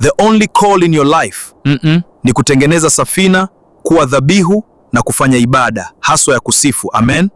The only call in your life mm -mm. ni kutengeneza safina, kuwa dhabihu na kufanya ibada haswa ya kusifu. Amen.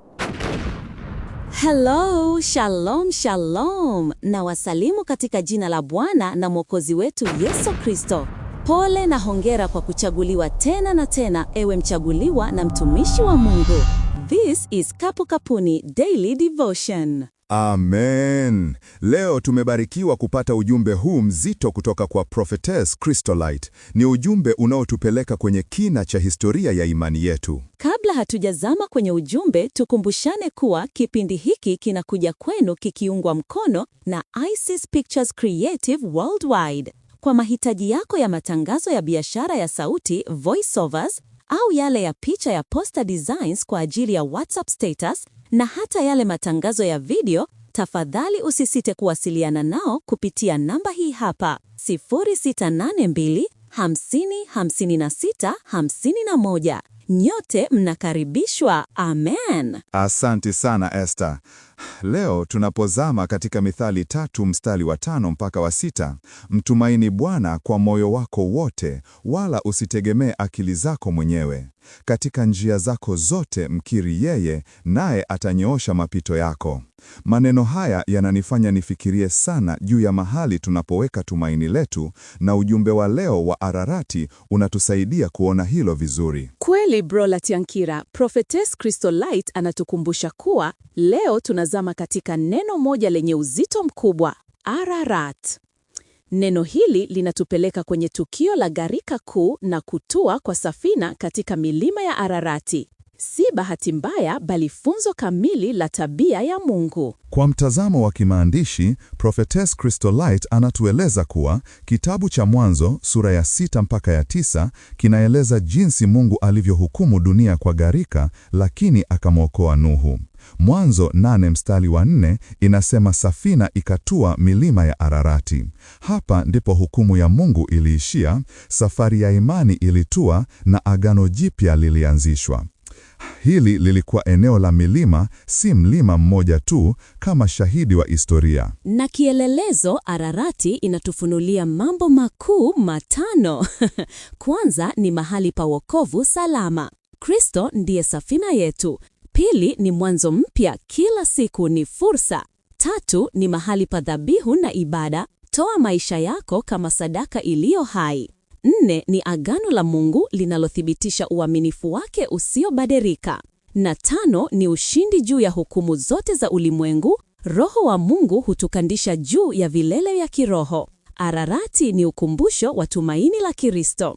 Hello, shalom shalom, na wasalimu katika jina la Bwana na Mwokozi wetu Yesu Kristo. Pole na hongera kwa kuchaguliwa tena na tena, ewe mchaguliwa na mtumishi wa Mungu. This is Kapu Kapuni Daily Devotion. Amen. Leo tumebarikiwa kupata ujumbe huu mzito kutoka kwa Prophetess Crystolite. Ni ujumbe unaotupeleka kwenye kina cha historia ya imani yetu. Kabla hatujazama kwenye ujumbe, tukumbushane kuwa kipindi hiki kinakuja kwenu kikiungwa mkono na Isis Pictures Creative Worldwide. Kwa mahitaji yako ya matangazo ya biashara ya sauti, voiceovers au yale ya picha ya poster designs kwa ajili ya WhatsApp status na hata yale matangazo ya video, tafadhali usisite kuwasiliana nao kupitia namba hii hapa 0682 Nyote mnakaribishwa. Amen. Asante sana Esther. Leo tunapozama katika Mithali tatu mstari wa tano mpaka wa sita, mtumaini Bwana kwa moyo wako wote, wala usitegemee akili zako mwenyewe. Katika njia zako zote mkiri yeye, naye atanyoosha mapito yako. Maneno haya yananifanya nifikirie sana juu ya mahali tunapoweka tumaini letu, na ujumbe wa leo wa Ararati unatusaidia kuona hilo vizuri. Kweli, Bro Latiankira, Prophetess Crystal Light anatukumbusha kuwa leo tuna tunazama katika neno moja lenye uzito mkubwa, Ararat. Neno hili linatupeleka kwenye tukio la gharika kuu na kutua kwa safina katika milima ya Ararati si bahati mbaya, bali funzo kamili la tabia ya Mungu. Kwa mtazamo wa kimaandishi, Prophetess Christolite anatueleza kuwa kitabu cha Mwanzo sura ya sita mpaka ya tisa kinaeleza jinsi Mungu alivyohukumu dunia kwa gharika, lakini akamwokoa Nuhu. Mwanzo nane mstari wa nne inasema safina ikatua milima ya Ararati. Hapa ndipo hukumu ya Mungu iliishia, safari ya imani ilitua na agano jipya lilianzishwa. Hili lilikuwa eneo la milima, si mlima mmoja tu, kama shahidi wa historia. Na kielelezo, Ararati inatufunulia mambo makuu matano. Kwanza ni mahali pa wokovu salama. Kristo ndiye safina yetu. Pili ni mwanzo mpya, kila siku ni fursa. Tatu ni mahali pa dhabihu na ibada. Toa maisha yako kama sadaka iliyo hai. Nne ni agano la Mungu linalothibitisha uaminifu wake usiobadilika. Na tano ni ushindi juu ya hukumu zote za ulimwengu. Roho wa Mungu hutukandisha juu ya vilele vya kiroho. Ararati ni ukumbusho wa tumaini la Kristo.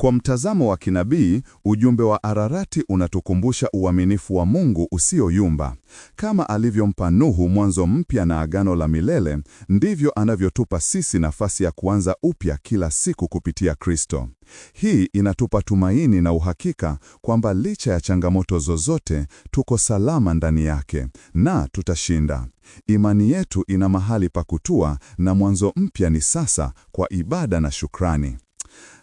Kwa mtazamo wa kinabii, ujumbe wa Ararati unatukumbusha uaminifu wa Mungu usioyumba. Kama alivyompa Nuhu mwanzo mpya na agano la milele, ndivyo anavyotupa sisi nafasi ya kuanza upya kila siku kupitia Kristo. Hii inatupa tumaini na uhakika kwamba licha ya changamoto zozote, tuko salama ndani yake na tutashinda. Imani yetu ina mahali pa kutua na mwanzo mpya ni sasa kwa ibada na shukrani.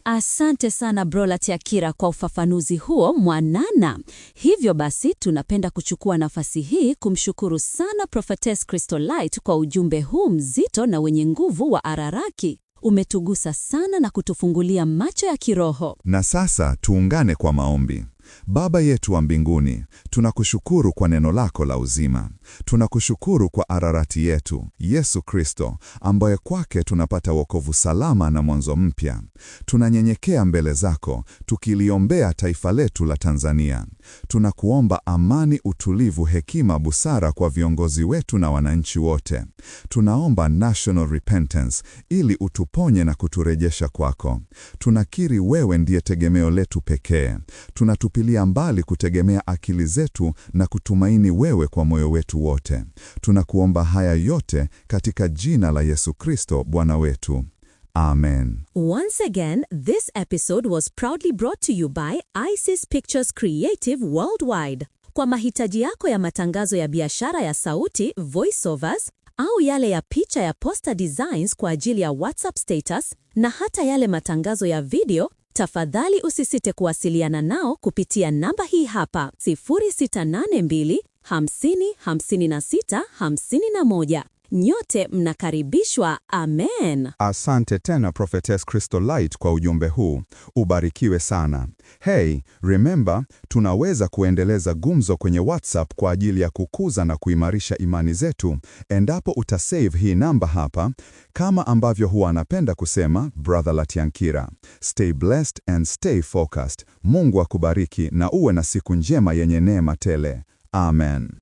Asante sana Brolat Akira kwa ufafanuzi huo mwanana. Hivyo basi, tunapenda kuchukua nafasi hii kumshukuru sana Prophetess Crystolite kwa ujumbe huu mzito na wenye nguvu wa Araraki. Umetugusa sana na kutufungulia macho ya kiroho. Na sasa tuungane kwa maombi. Baba yetu wa mbinguni, tunakushukuru kwa neno lako la uzima. Tunakushukuru kwa ararati yetu Yesu Kristo, ambaye kwake tunapata wokovu salama na mwanzo mpya. Tunanyenyekea mbele zako tukiliombea taifa letu la Tanzania. Tunakuomba amani, utulivu, hekima, busara kwa viongozi wetu na wananchi wote. Tunaomba national repentance ili utuponye na kuturejesha kwako. Tunakiri wewe ndiye tegemeo letu pekee. Tunatu tunatupilia mbali kutegemea akili zetu na kutumaini wewe kwa moyo wetu wote. Tunakuomba haya yote katika jina la Yesu Kristo Bwana wetu. Amen. Once again, this episode was proudly brought to you by Isis Pictures Creative Worldwide. Kwa mahitaji yako ya matangazo ya biashara ya sauti, voiceovers, au yale ya picha ya poster designs kwa ajili ya WhatsApp status na hata yale matangazo ya video Tafadhali usisite kuwasiliana nao kupitia namba hii hapa 0682 50 56 51. Nyote mnakaribishwa, amen. Asante tena Prophetess light kwa ujumbe huu, ubarikiwe sana. Hey, remember, tunaweza kuendeleza gumzo kwenye WhatsApp kwa ajili ya kukuza na kuimarisha imani zetu, endapo utasave hii namba hapa, kama ambavyo huwa anapenda kusema Brother Latiankira. Stay blessed and stay focused. Mungu akubariki na uwe na siku njema yenye neema tele. Amen.